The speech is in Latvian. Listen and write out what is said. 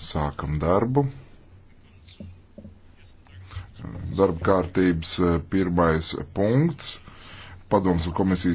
Sākam darbu. Darba kārtības eh, pirmais punkts. Padoms un komisijas.